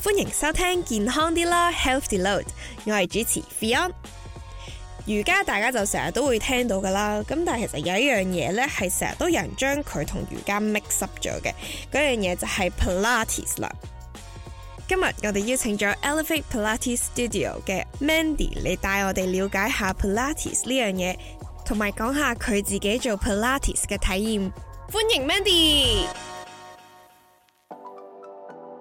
歡迎收聽健康啲啦，Healthy Load，我係主持 Fiona。瑜伽大家就成日都會聽到噶啦，咁但係其實有一樣嘢咧，係成日都有人將佢同瑜伽 mix up 咗嘅，嗰樣嘢就係 Pilates 啦。今日我哋邀請咗 Elevate Pilates Studio 嘅 Mandy 嚟帶我哋了解下 Pilates 呢樣嘢，同埋講下佢自己做 Pilates 嘅體驗。歡迎 Mandy。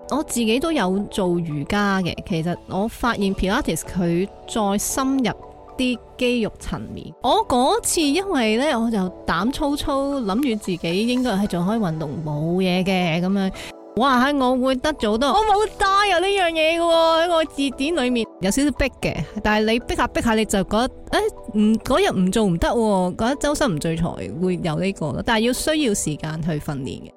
我自己都有做瑜伽嘅，其實我發現 Pilates 佢再深入啲肌肉層面。我嗰次因為呢，我就膽粗粗諗住自己應該係做開運動冇嘢嘅咁樣，哇！我會得做多。我冇帶有呢樣嘢嘅喎，喺我字典裏面有少少逼嘅，但係你逼下逼下，你就覺得誒，唔嗰日唔做唔得，覺得周身唔聚財，會有呢個，但係要需要時間去訓練嘅。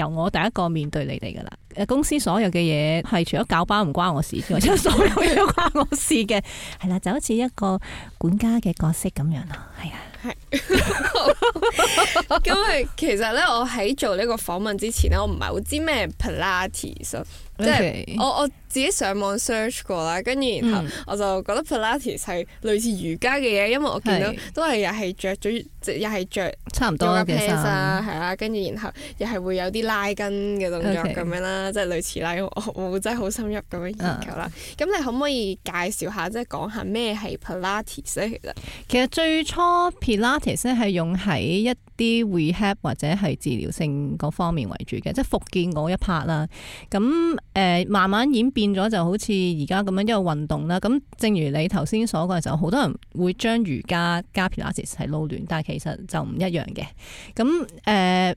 由我第一個面對你哋噶啦，誒公司所有嘅嘢係除咗搞包唔關我事之外，所有嘢都關我事嘅，係啦， 就好似一個管家嘅角色咁樣咯，係啊，係是，因 為 其實咧，我喺做呢個訪問之前咧，我唔係好知咩係 Pilates 即係我我。我自己上網 search 過啦，跟住然後我就覺得 Pilates 係類似瑜伽嘅嘢，因為我見到都係又係着咗，即又係着差唔多嘅衫，係啦、啊，跟住實然後又係會有啲拉筋嘅動作咁樣啦，Okay. 即係類似啦。我我真係好深入咁樣研究啦。咁、啊、你可唔可以介紹下，即係講下咩係 Pilates 咧？其實其實最初 Pilates 咧係用喺一啲 rehab 或者係治療性嗰方面為主嘅，即、就、係、是、復健嗰一 part 啦。咁誒、呃、慢慢演變。變咗就好似而家咁樣一個運動啦，咁正如你頭先所講嘅時候，好多人會將瑜伽加 Pilates 係撈亂，is, 但係其實就唔一樣嘅。咁誒誒、呃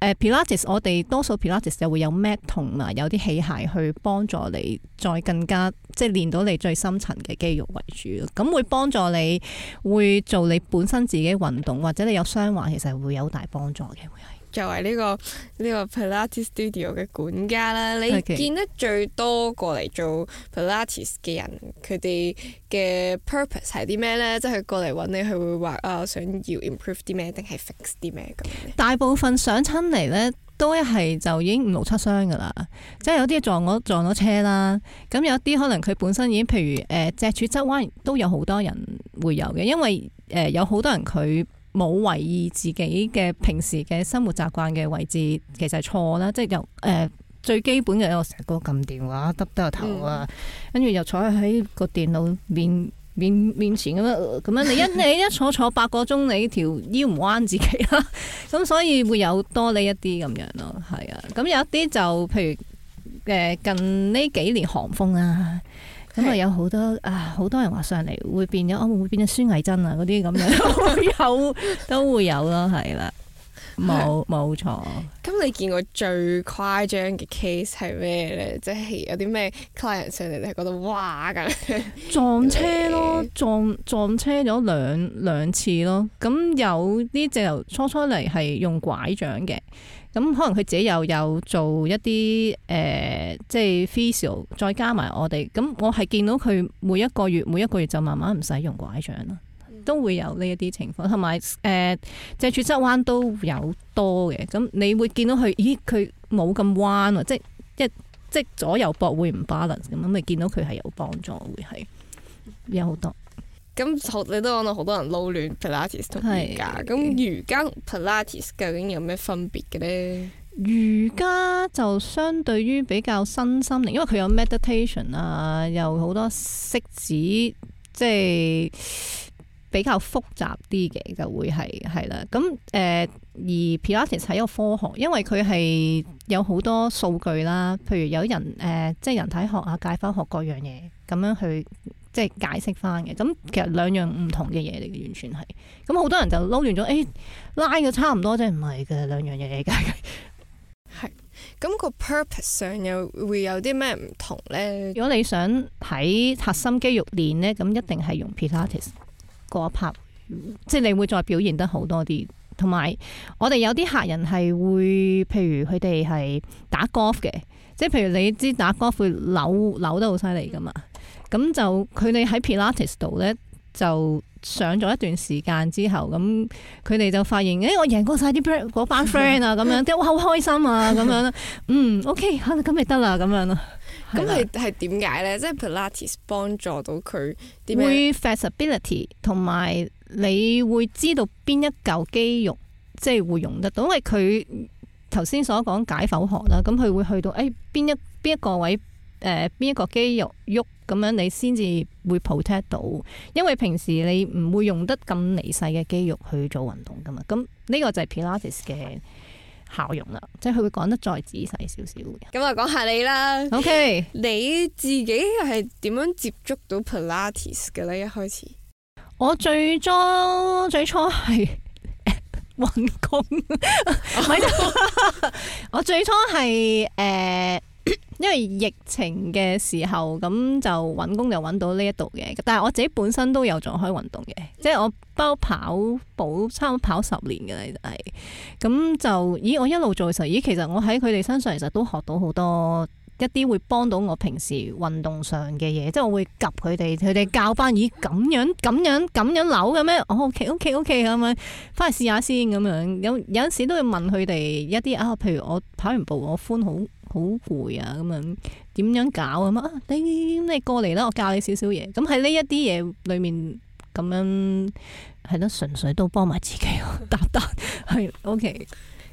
呃、Pilates，我哋多數 Pilates 就會有 mat 同埋有啲器械去幫助你再更加即係練到你最深層嘅肌肉為主，咁會幫助你會做你本身自己運動或者你有傷患，其實會有大幫助嘅，會係。作為呢個呢個 Pilates studio 嘅管家啦，你見得最多過嚟做 Pilates 嘅人，佢哋嘅 purpose 係啲咩呢？即係過嚟揾你，佢會話啊，想要 improve 啲咩，定係 fix 啲咩咁？大部分上親嚟呢，都一係就已經五六七傷噶啦，即係有啲撞咗撞咗車啦，咁有啲可能佢本身已經譬如誒脊柱側彎，都有好多人會有嘅，因為誒有好多人佢，冇為意自己嘅平時嘅生活習慣嘅位置，其實係錯啦。即係由誒、呃、最基本嘅，我成日講撳電話耷低個頭啊，跟住、嗯、又坐喺個電腦面面面前咁樣咁樣。你一你一坐坐八個鐘，你條腰唔彎自己啦。咁、 嗯、所以會有多呢一啲咁樣咯，係啊。咁有一啲就譬如誒、呃、近呢幾年寒風啊。咁啊，有好多啊，好多人話上嚟，會變咗，我會唔會變咗孫藝珍啊？嗰啲咁樣，都會有，都會都會有咯，係啦。 冇冇錯。咁你見過最誇張嘅 case 係咩咧？即係有啲咩 client 上嚟，你喺嗰度哇咁 撞車咯，撞撞車咗兩兩次咯。咁有啲就初初嚟係用拐杖嘅，咁可能佢自己又有，有做一啲誒、呃，即係 facial，再加埋我哋。咁我係見到佢每一個月，每一個月就慢慢唔使用拐杖啦。都會有呢一啲情況，同埋誒，脊、呃、柱側彎都有多嘅。咁你會見到佢，咦？佢冇咁彎啊，即係即即係左右膊會唔 balance 咁，咪見到佢係有幫助，會係有好多。咁你都講到好多人撈亂 Pilates 同瑜伽咁，瑜伽，的瑜伽 Pilates 究竟有咩分別嘅咧？瑜伽就相對於比較身心靈，因為佢有 meditation 啊，有好多息指，即係。嗯比較複雜啲嘅就會係係啦。咁誒而 Pilates 係一個科學，因為佢係有好多數據啦。譬如有人誒、呃，即係人體學啊、解剖學各樣嘢咁樣去即係解釋返嘅。咁其實兩樣唔同嘅嘢嚟嘅，完全係咁。好多人就撈亂咗，誒、哎、拉嘅差唔多即啫，唔係嘅兩樣嘢㗎。係 咁、那個 purpose 上又會有啲咩唔同咧？如果你想喺核心肌肉練咧，咁一定係用 Pilates。一拍，即係你會再表現得好多啲。同埋，我哋有啲客人係會，譬如佢哋係打 golf 嘅，即係譬如你知打 golf 會扭扭得好犀利噶嘛。咁就佢哋喺 Pilates 度咧，就上咗一段時間之後，咁佢哋就發現誒、欸，我贏過晒啲嗰班 friend 啊，咁樣即係我好開心啊，咁樣啦，嗯，OK，嚇咁咪得啦，咁樣啦。咁係係點解咧？即係普拉提幫助到佢點樣？會 flexibility 同埋你會知道邊一嚿肌肉即係會用得到。因為佢頭先所講解剖學啦，咁佢會去到誒邊一邊一個位誒邊、呃、一個肌肉喐咁樣，你先至會 protect 到，因為平時你唔會用得咁微細嘅肌肉去做運動噶嘛，咁呢個就係普拉提嘅效用啦，即係佢會講得再仔細少少嘅。咁啊，講下你啦。O K，你自己係點樣接觸到普拉提嘅咧？一開始，我最初最初係揾、欸、工，我最初係誒。欸因為疫情嘅時候，咁就揾工就揾到呢一度嘅。但係我自己本身都有做開運動嘅，即係我包括跑步，差唔多跑十年嘅啦，係。咁就，咦，我一路做嘅時候，咦，其實我喺佢哋身上其實都學到好多一啲會幫到我平時運動上嘅嘢。即係我會及佢哋，佢哋教翻，咦，咁樣咁樣咁樣扭嘅咩？哦，OK，OK，OK，咁樣，翻嚟試下先咁樣。有有陣時都會問佢哋一啲啊，譬如我跑完步，我寬好。好攰啊！咁樣點樣搞啊？咁啊，你咁你過嚟啦，我教你少少嘢。咁喺呢一啲嘢裏面咁樣係咯，純粹都幫埋自己咯。 答答係，OK。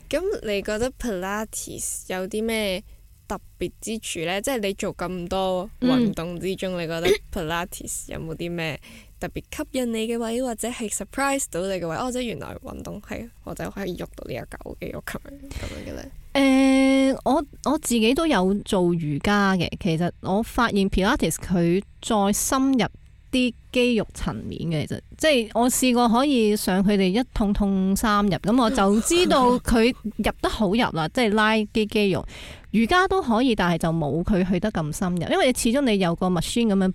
咁你覺得 Pilates 有啲咩特別之處咧？即係你做咁多運動之中，嗯、你覺得 Pilates、嗯、有冇啲咩，特別吸引你嘅位，或者係 surprise 到你嘅位，哦！即係原來運動係、呃，我就可以喐到呢一嚿肌肉咁樣咁樣嘅咧。誒，我我自己都有做瑜伽嘅。其實我發現 Pilates 佢再深入啲肌肉層面嘅，其實即係我試過可以上佢哋一通通三入，咁我就知道佢入得好入啦， 即係拉啲肌，肌肉。瑜伽都可以，但係就冇佢去得咁深入，因為始終你有個 machine 咁樣。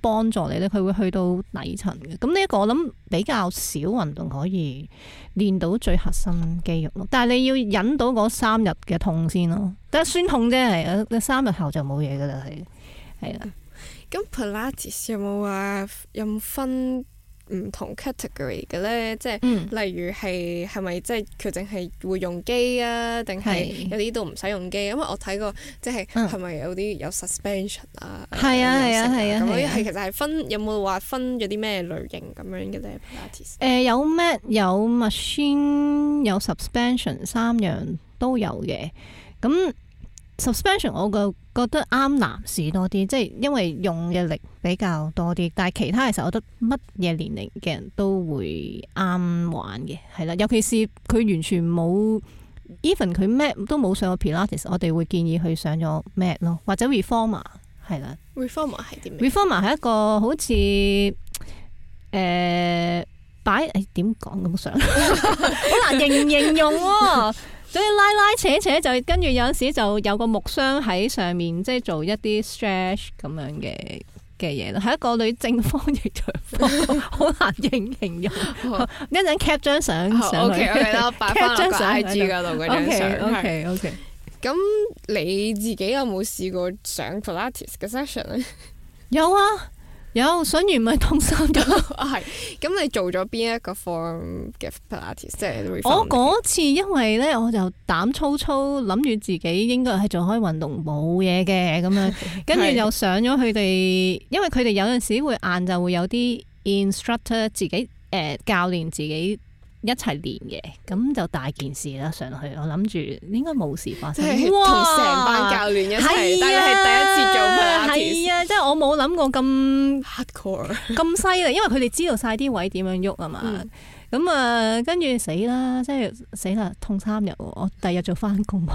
幫助你咧，佢會去到底層嘅。咁呢一個我諗比較少運動可以練到最核心肌肉咯。但係你要忍到嗰三日嘅痛先咯，得酸痛啫，係。你三日後就冇嘢㗎喇，係，係啦。咁普拉提有冇話有冇分？唔同 category 嘅咧，即係、嗯、例如係係咪即係佢淨係會用機啊，定係有啲都唔使用，用機？的因為我睇過，即係係咪有啲有 suspension 啊？係啊係啊係啊！咁其實係分有冇話分咗啲咩類型咁樣嘅咧？誒、呃、有咩 mat, 有 machine 有 suspension 三樣都有嘅，咁。Suspension 我個覺得啱男士多啲，即係因為用嘅力比較多啲。但係其他嘅時候，我覺得乜嘢年齡嘅人都會啱玩嘅，係啦。尤其是佢完全冇 even 佢咩都冇上過 Pilates，我哋會建議佢上咗咩咯，或者 Reformer 係啦。Reformer 係點？Reformer 係一個好似誒、呃、擺誒點講咁上，好難形形容、喔所以拉拉扯扯就跟住有陣時就有個木箱喺上面，即係做一啲 stretch 咁樣嘅嘅嘢咯，係一個女正方形，長方，好難認形容。一陣 cap 張相上去 cap 張相 IG 嗰度 OK OK OK 咁你自己有冇試過上 Pilates session 咧？有啊。有，想完咪通心咗。 係，咁你做咗邊一個課嘅 Pilates？即係我嗰次，因為咧 我就膽粗粗，諗住自己應該係做開運動冇嘢嘅咁樣，跟住又上咗佢哋， 是的 因為佢哋有陣時會晏就會有啲 instructor 自己誒教練自己。呃一齊練嘅，咁就大件事啦。上去我諗住應該冇事發生，同成班教練一齊，啊、但係第一次做咩？係啊，即係實、啊、我冇諗過咁咁 hardcore 犀利， 因為佢哋知道晒啲位點樣喐啊嘛。咁啊、嗯，跟住死啦，即係死啦，痛三日，我第二日就翻工，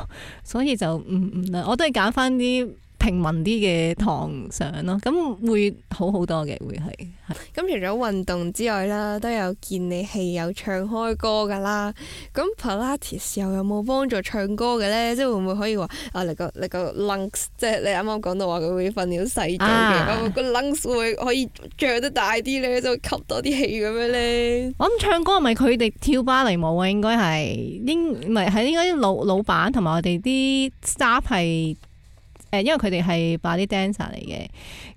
所以就唔唔，我都係揀翻啲。平民啲嘅堂上咯，咁會好好多嘅，會係。咁除咗運動之外啦，都有健你氣，有唱開歌噶啦。咁普拉提又有冇幫助唱歌嘅咧？即係會唔會可以話啊？你個你個 lungs，即係你啱啱講到話佢啲訓練細緻嘅，個 lungs 會可以着得大啲咧，就吸多啲氣咁樣咧。我諗唱歌係咪佢哋跳芭蕾舞啊？應該係，應唔係係應該老老闆同埋我哋啲 staff 係。因為佢哋係扮啲 dancer 嚟嘅，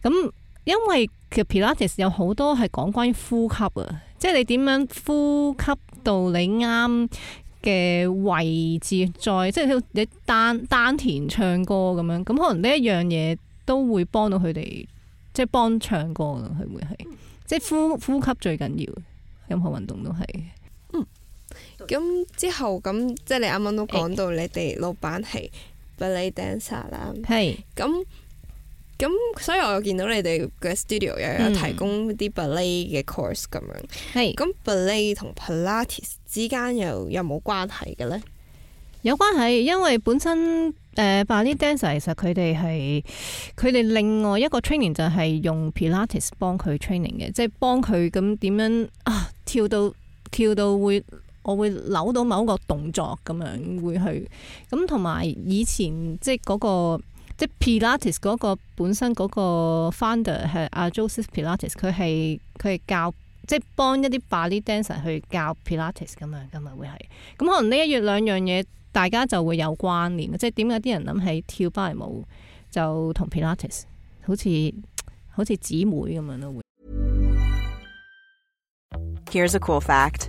咁因為其實 Pilates 有好多係講關於呼吸啊，即係你點樣呼吸到你啱嘅位置，再即係你丹丹田唱歌咁樣，咁可能呢一樣嘢都會幫到佢哋，即係幫唱歌咯，會唔會係？即係呼呼吸最緊要，任何運動都係。嗯，咁之後咁，即係你啱啱都講到你哋老闆係。芭蕾 dancer 啦是，係咁咁，所以我又見到你哋個 studio 又有提供啲芭蕾嘅 course 咁樣，嗯，係咁芭蕾同 Pilates 之間又有冇關係嘅咧？有關係，因為本身誒芭蕾 dancer 其實佢哋係佢哋另外一個 training 就係用 Pilates 幫佢 training 嘅，即係幫佢咁點樣啊跳到跳到會。我會扭到某一個動作咁樣會去，咁同埋以前即係嗰、那個即係 Pilates 嗰、那個本身嗰個 founder 係阿、啊、Joseph Pilates，佢係佢係教即係幫一啲 Buddy 芭蕾舞者去教 Pilates 咁樣，咁咪會係。咁、嗯、可能呢一樣兩樣嘢，大家就會有關聯。即係點解啲人諗起跳芭蕾舞就同 Pilates 好似好似姊妹咁樣咯？Here's a cool fact.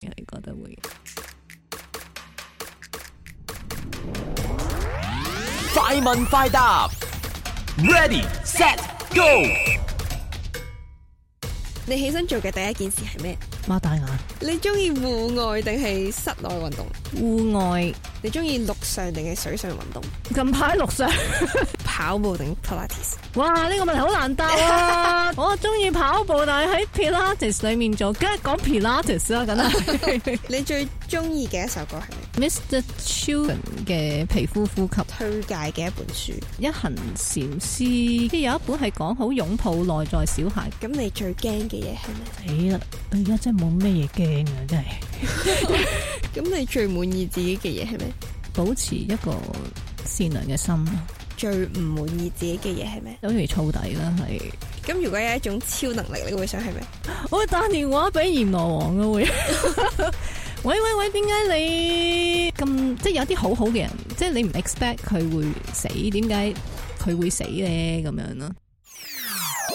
得快問快答，Ready Set Go！你起身做嘅第一件事係咩？擘大眼。你中意戶外定係室內運動？戶外。你中意陸上定係水上運動？近排陸上 。跑步定 Pilates？哇，呢、呢個問題好難答、啊、 我中意跑步，但係喺 Pilates 裏面做，梗係講 Pilates 啦。梗啊， 你最中意嘅一首歌係咩？Mr. Children 嘅《皮膚呼吸》。推介嘅一本書，《一行禪師》。即係有一本係講好擁抱內在小孩。咁 你最驚嘅嘢係咩？死呀，我而家真係冇咩嘢驚啊！真係。咁 你最滿意自己嘅嘢係咩？保持一個善良嘅心。最唔滿意自己嘅嘢係咩？好容易燥底啦，係。咁如果有一種超能力，你會想係咩？ 我會打電話俾閻羅王啊！會。 喂喂喂，點解你咁即係有啲好好嘅人，即係你唔 expect 佢會死，點解佢會死咧？咁樣咯。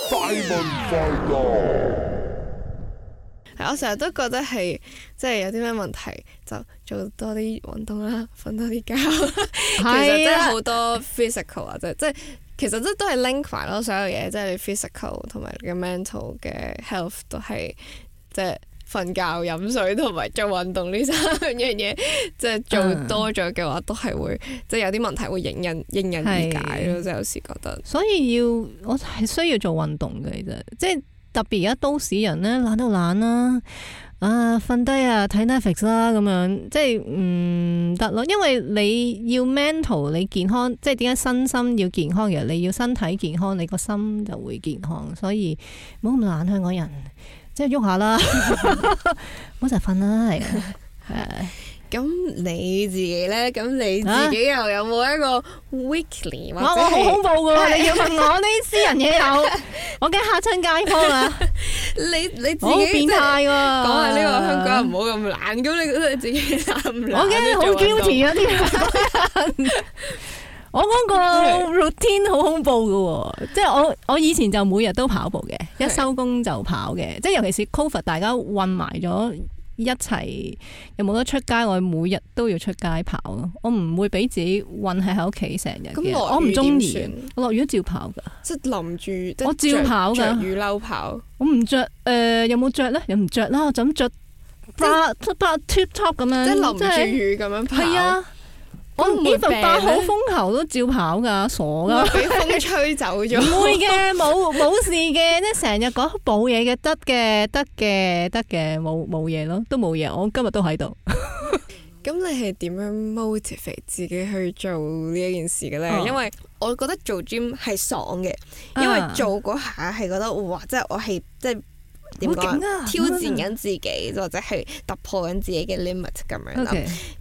快我成日都覺得係，即係有啲咩問題就做多啲運動啦，瞓多啲覺。其實真係好多 physical 或者即係其實即都係 link 翻咯，所有嘢即係你 physical 同埋你嘅 mental 嘅 health 都係即係瞓覺、飲水同埋做運動呢三樣嘢，即係做多咗嘅話、uh, 都係會即係有啲問題會迎刃迎刃而解咯。是即係有時覺得，所以要我係需要做運動嘅啫，即係。即特別而家，啊，都市人呢，懶都懶啦、啊，啊瞓低啊睇 Netflix 啦、啊、咁樣，即係唔得咯。因為你要 mental 你健康，即係點解身心要健康嘅？你要身體健康，你個心就會健康。所以唔好咁懶，香港人即係喐下啦，唔好就瞓啦，係。 咁你自己咧？咁你自己又有冇一個 weekly？我我好恐怖噶你要問我呢，私人嘢有，我驚嚇親街坊啊！ 你你自己變態講下呢個香港人唔好咁懶。咁你你自己懶唔懶？我驚好 juicy 啊！啲人。 我嗰個 routine 好恐怖噶即係我我以前就每日都跑步嘅，Yes. 一收工就跑嘅，即係尤其是 COVID 大家混埋咗。一齊又冇得出街，我每日都要出街跑，咯。我唔會俾自己困喺喺屋企成日。咁唔中意我落雨都照跑噶，即係淋住。我照跑噶。嗯，着雨褸跑。我唔着誒，有冇着咧？又唔着啦，就咁着八八 top 咁樣，即係淋住雨咁樣跑？係啊。我 even 八號風球都照跑噶，傻噶，俾風吹走咗。唔會嘅，冇冇事嘅，即係成日講冇嘢嘅，得嘅，得嘅，得嘅，冇冇嘢咯，都冇嘢。我今日都喺度。咁 你係點樣 motivate 自己去做呢一件事嘅咧？Oh. 因為我覺得做 gym 係爽嘅，因為做嗰下係覺得哇！即係我係即係點講，啊、挑戰緊自己，或者係突破緊自己嘅 limit 咁樣咯。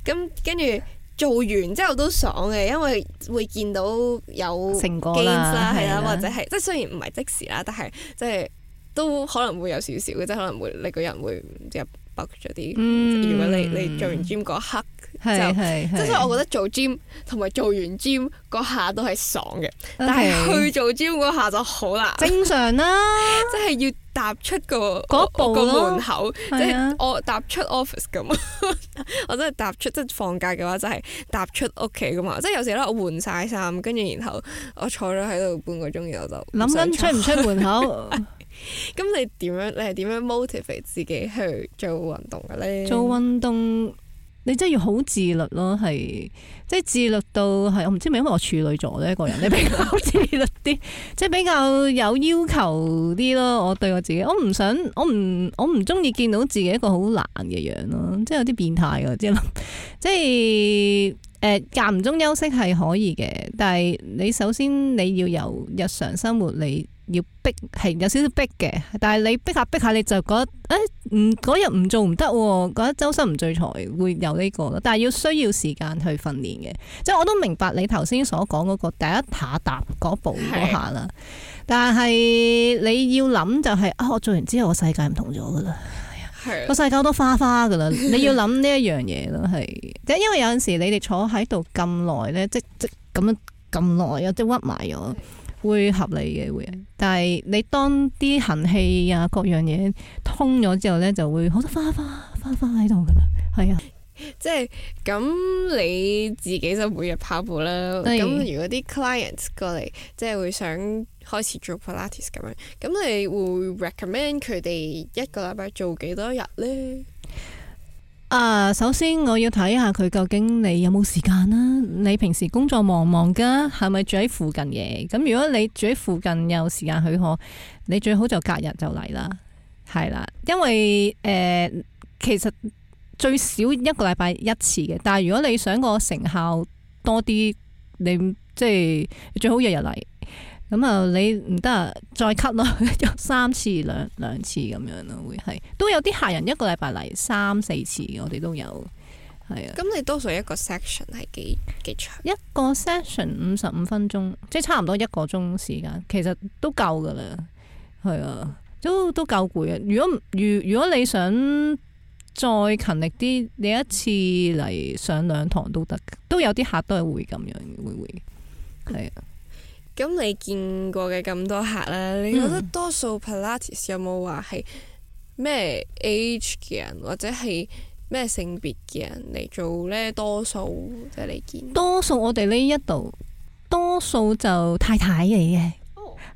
咁跟住。嗯做完之後都爽嘅，因為會見到有 gains, 成果啦，係啦對，是的 或者係即係雖然唔係即時啦，但係即係都可能會有少少嘅，即係可能會你個人唔知入 bug 咗啲。嗯、如果你你做完 gym 嗰一刻。係係即係，我覺得做 gym 同埋做完 gym 嗰下都係爽嘅，okay, 但係去做 gym 嗰下就好難。正常啦，啊，即係 要踏出個嗰個門口，即係、啊、我踏出 office 咁。 我真係踏出，即係放假嘅話就係踏出屋企噶嘛。即、就、係、是、有時咧，我換晒衫，跟住然後我坐咗喺度半個鐘，然後就諗緊出唔出門口。咁 你點樣？你係點樣 motivate 自己去做運動嘅咧？做運動。你真係要好自律咯，係即係自律到係，我唔知係咪因為我處女座一個人咧比較自律啲， 即係比較有要求啲咯。我對我自己，我唔想，我唔，我唔中意見到自己一個好懶嘅樣咯，即係有啲變態嘅，即係諗，即係誒間唔中休息係可以嘅，但係你首先你要由日常生活你。要逼係有少少逼嘅，但係你逼下逼下你就覺得誒，唔，嗰日唔做唔得，覺得周身唔聚財會有呢個咯。但係要需要時間去訓練嘅，即係我都明白你頭先所講嗰個第一下踏嗰步嗰下啦。是但係你要諗就係、是、啊，我做完之後個世界唔同咗噶啦。個、哎、的世界都花花噶啦。你要諗呢一樣嘢咯，係即 因為有陣時你哋坐喺度咁耐咧，即即咁樣咁耐啊，即屈埋咗。會合理嘅會，嗯、但係你當啲行氣啊各樣嘢通咗之後呢，就會好多花花花花喺度噶啦。係啊，即係咁你自己就每日跑步啦。咁對如果啲 clients 過嚟，即係會想開始做 Pilates 咁樣，咁你會 recommend 佢哋一個禮拜做幾多日呢？啊，首先我要睇下佢，究竟你有冇時間啦、啊。你平時工作忙忙噶係咪住喺附近嘅？咁如果你住喺附近有時間許可，你最好就隔日就嚟啦，係啦。因為誒、呃，其實最少一個禮拜一次嘅。但係如果你想個成效多啲，你即係最好日日嚟。咁啊，你唔得啊，再 cut 咯，有 三次兩兩次咁樣咯，會係，都有啲客人一個禮拜嚟三四次，我哋都有，係啊。咁你多數一個 section 係幾幾長？一個 section 五十五分鐘，即係差唔多一個鐘時、時間，其實都夠㗎喇，係啊，都都夠攰啊。如果如如果你想再勤力啲，你一次嚟上兩堂都得，都有啲客都係會咁樣，會會係啊。咁你見過嘅咁多客咧，你覺得多數 Pilates 有冇話係咩 age 嘅人，或者係咩性別嘅人嚟做咧？多數即係你見多數我哋呢一度多數就太太嚟嘅，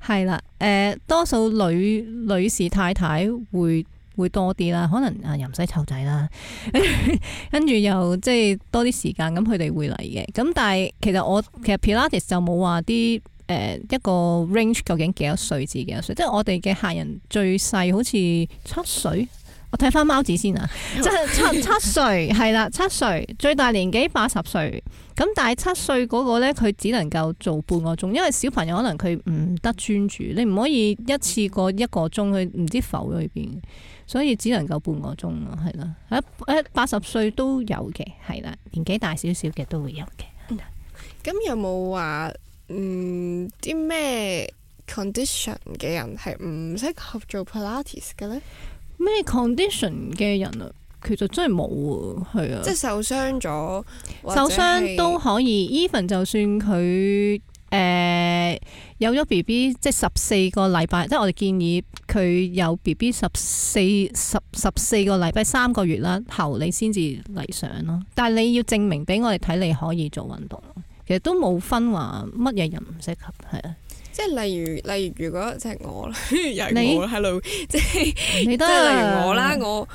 係啦、oh.，誒、呃、多數女女士太太會會多啲啦，可能啊又唔使湊仔啦， 跟住又即係多啲時間，咁佢哋會嚟嘅。咁但係其實我其實 Pilates 就冇話啲。誒，一個 range 究竟幾多歲至幾多歲？即係我哋嘅客人最細好似七歲，我睇翻貓子先啊，即係 七七歲係啦，七歲，最大年紀八十歲，咁但係七歲嗰個咧，佢只能夠做半個鐘，因為小朋友可能佢唔得專注，你唔可以一次過一個鐘去唔知浮咗去邊，所以只能夠半個鐘咯，係啦，誒誒，八十歲都有嘅，係啦，年紀大少少嘅都會有嘅，咁有冇話？嗯，啲咩 condition 嘅人係唔適合做 Pilates 嘅咧？咩 condition 嘅人啊？其實真係冇，係啊，啊即係受傷咗，受傷都可以。even 就算佢誒有咗 B B，即係十四個禮拜，即係我哋建議佢有 B B 十四十十四個禮拜三個月啦頭，你先至嚟上咯。但係你要證明俾我哋睇，你可以做運動。其實都冇分話乜嘢人唔適合，係啊。即係例如，例如如果你 即係我啦，人、嗯、我喺度，即係你都即係我啦，我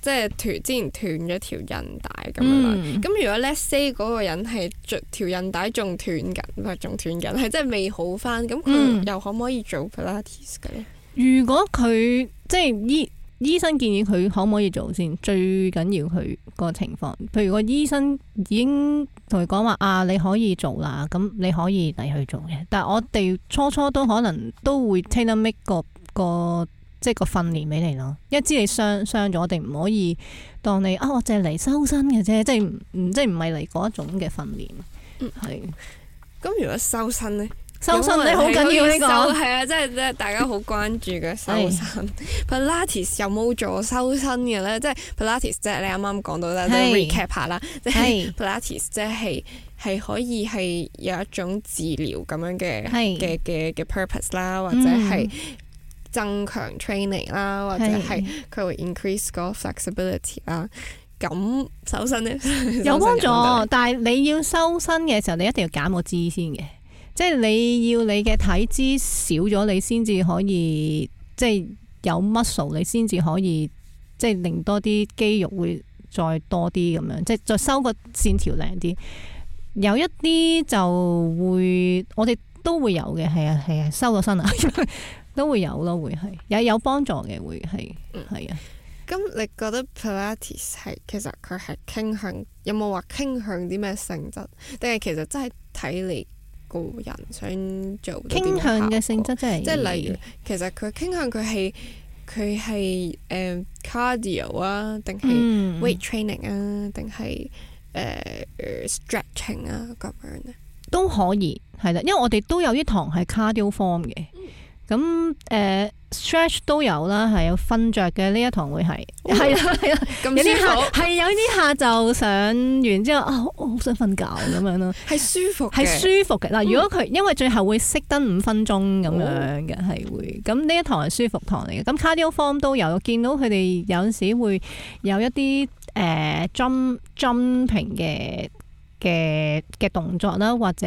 即係斷之前斷咗條韌帶咁樣。咁如果 Let's say 嗰個人係條韌帶仲斷緊，唔係仲斷緊，係即係未好返。咁佢又可唔可以做 Pilates 嘅咧？如果佢即係呢。醫生建議佢可唔可以做先？最緊要佢個情況。譬如個醫生已經同佢講話啊，你可以做啦，咁你可以嚟去做嘅。但係我哋初初都可能都會 tailor-make 個個即係個訓練俾你咯，一知你傷傷咗，我哋唔可以當你啊，我淨係嚟修身嘅啫，即係唔即係唔係嚟嗰一種嘅訓練。嗯，咁係、嗯、如果修身咧？修身咧好緊要呢個，係 啊樂，即係即係大家好關注嘅修身。普拉提，是 有冇助修身嘅咧？即係普拉提，是 即係你啱啱講到啦，即係 recap 下啦，即係普拉提即係係可以係有一種治療咁樣嘅嘅嘅嘅 purpose 啦，或者係增強 training 啦，或者係佢會 increase 嗰個 flexibility 啦是。咁修、啊、身呢？有幫助， 但係你要修身嘅時候，你一定要減個脂先嘅。即係你要你嘅體脂少咗，你先至可以即係有 muscle，你先至可以即係令多啲肌肉會再多啲咁樣，即係再收個線條靚啲。有一啲就會，我哋都會有嘅，係啊係啊，啊啊收個身啊， 都會有咯，會係有有幫助嘅，會係係啊。咁、嗯、你覺得 Pilates 係其實佢係傾向有冇話傾向啲咩性質？定係其實真係睇你。個人想做傾向嘅性質即係，即係例如，其實佢傾向佢係佢係誒 cardio 啊，定係 weight training 啊，定係誒 stretching 啊咁樣咧、嗯、都可以係啦，因為我哋都有一堂係 cardio form 嘅。咁誒、呃、stretch 都有啦，係有瞓着嘅呢一堂會係係啊係啊，啊有啲下係有啲下就上完之後啊，我好想瞓覺咁樣咯，係舒服，係舒服嘅。嗱、嗯，如果佢因為最後會熄燈五分鐘咁樣嘅，係、哦、會咁呢一堂係舒服堂嚟嘅。咁 cardio form 都有見到佢哋有陣時會有一啲誒、呃、jump jumping 嘅嘅嘅動作啦，或者。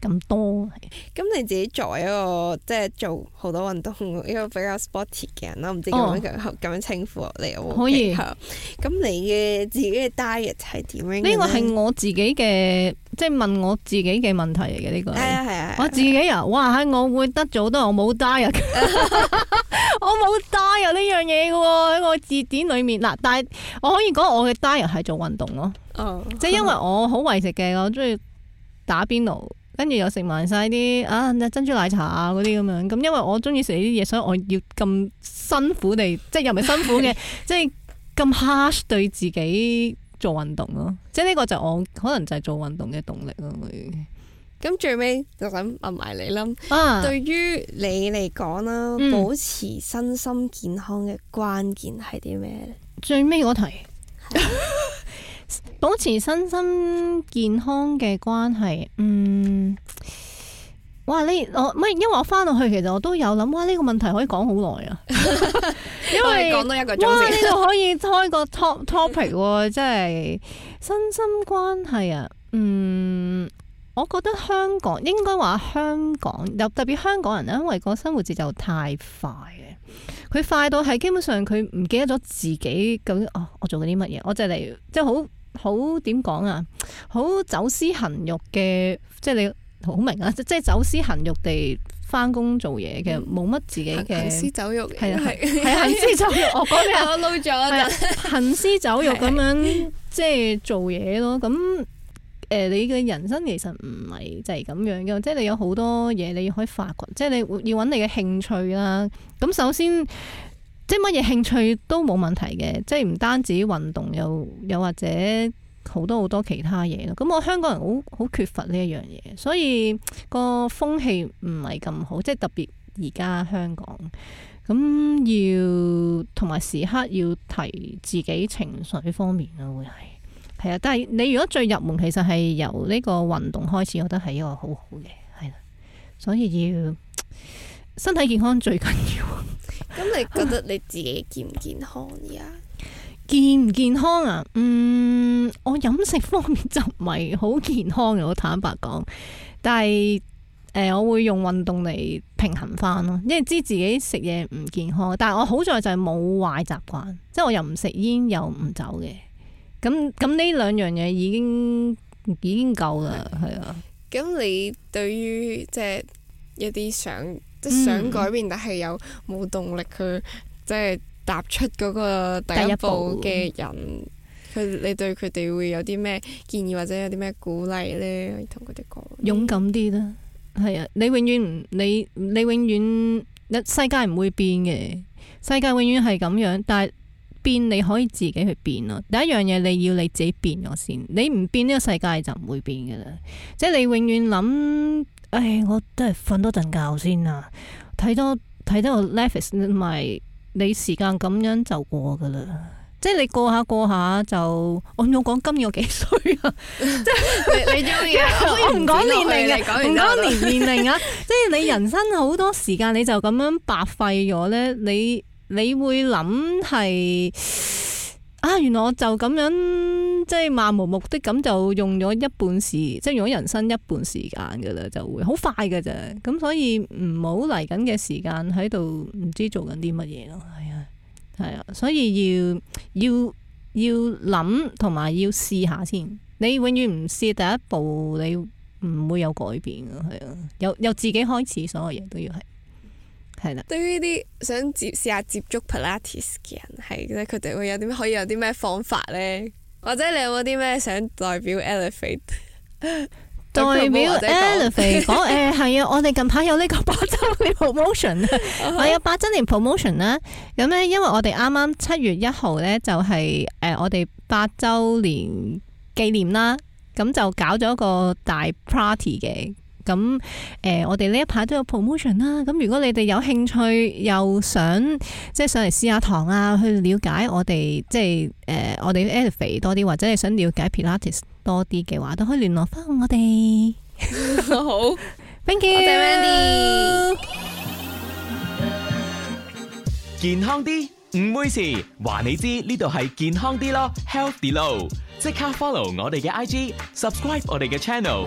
咁多，咁你自己作為一個即係做好多運動一個比較 sporty 嘅人啦，唔知點樣咁樣稱呼你？OK? 可以。咁你嘅自己嘅 diet 係點樣呢？呢個係我自己嘅，即係問我自己嘅問題嚟嘅呢個。係啊係啊，我自己啊，哇！喺我會得做多，我冇 diet，我冇 diet 呢樣嘢嘅喎。喺我字典裏面嗱，但係我可以講我嘅 diet 係做運動咯，哦、即係因為我好為食嘅，我中意打邊爐。 跟住又食埋晒啲啊珍珠奶茶啊嗰啲咁樣，咁因為我中意食呢啲嘢，所以我要咁辛苦地，即係又唔係辛苦嘅，即係咁 harsh 對自己做運動咯。即係呢個就我可能就係做運動嘅動力咯。咁最尾就諗問埋你啦。啊、對於你嚟講啦，嗯、保持身心健康嘅關鍵係啲咩？最尾嗰題。 保持身心健康嘅關係，嗯，哇！呢我唔係，因為我翻到去，其實我都有諗，哇！呢、這個問題可以講好耐啊， 因為講多 一個鐘哇，呢度 可以開個 top topic，即、啊、係身心關係啊。嗯，我覺得香港應該話香港又特別香港人咧，因為個生活節奏太快嘅，佢快到係基本上佢唔記得咗自己究竟哦、啊，我做緊啲乜嘢，我就嚟即係好。好點講啊？好走屍行肉嘅，即係你好明啊！即係走屍行肉地翻工做嘢嘅，冇乜、嗯、自己嘅。行屍走肉，係因為 啊係。係行屍走肉。 我講咩 啊？我撈咗行屍走肉咁樣 即係做嘢咯。咁誒、呃，你嘅人生其實唔係就係咁樣嘅，即係你有好多嘢你可以發掘，即係你要揾你嘅興趣啦。咁首先。即係乜嘢興趣都冇問題嘅，即係唔單止運動又，又又或者好多好多其他嘢咯。咁我香港人好好缺乏呢一樣嘢，所以個風氣唔係咁好，即係特別而家香港咁要同埋時刻要提自己情緒方面啊，會係係啊。但係你如果最入門，其實係由呢個運動開始，我覺得係一個好好嘅係啦。所以要身體健康最緊要。 咁你覺得你自己健唔健康而家，啊？健唔健康啊？嗯，我飲食方面就唔係好健康嘅，我坦白講。但係誒、呃，我會用運動嚟平衡翻咯，因為知自己食嘢唔健康。但係我好在就係冇壞習慣，即係我又唔食煙又唔走嘅。咁咁呢兩樣嘢已經已經夠啦，係啊。咁你對於即係有啲想？即想改變，但係有冇動力去即係踏出嗰個第一步嘅人？佢你對佢哋會有啲咩建議或者有啲咩鼓勵咧？可以同佢哋講。勇敢啲啦！係啊，你永遠唔你你永遠，世界唔會變嘅，世界永遠係咁樣，但係，變你可以自己去變咯。第一樣嘢你要你自己變咗先，你唔變呢個世界就唔會變噶啦。即係你永遠諗，誒，我真係瞓多陣覺先啦，啊，睇多睇多個 Netflix，同埋你時間咁樣就過噶啦。即係你過下過下就，我唔要講今年我幾歲啊，即係你唔講年齡嘅，唔講年年齡啊。即係你人生好多時間你就咁樣白費咗咧，你。你會諗，係啊，原來我就咁樣即係漫無目的咁就用咗一半時，即係用咗人生一半時間噶啦，就會好快噶咋，咁所以唔好嚟緊嘅時間喺度唔知做緊啲乜嘢咯。係啊，係啊，所以要要要諗同埋要試下先。你永遠唔試第一步，你唔會有改變噶。係啊，由由自己開始，所有嘢都要係。係啦，對於啲想接試下接觸普拉 s 嘅人，係咧，佢哋會有啲咩可以有啲咩方法咧？或者你有冇啲咩想代表 e l e p h a n t 代表 e l e p h a n t e。我係啊，我哋近排有呢個八周年 promotion 啊，係 啊， 八周年 promotion 啦。咁咧，因為我哋啱啱七月一號咧，就係誒我哋八周年紀念啦，咁就搞咗個大 party 嘅。咁，誒、呃，我哋呢一排都有 promotion 啦。咁如果你哋有興趣又想即係上嚟試下堂啊，去了解我哋即係誒、呃，我哋 Elevate 多啲，或者係想了解普拉提多啲嘅話，都可以聯絡翻我哋。 好，Thank you，謝謝 Mandy。健康啲唔會事，話你知呢度係健康啲咯。Healthy Low 即刻 follow 我哋嘅 IG，subscribe 我哋嘅 channel。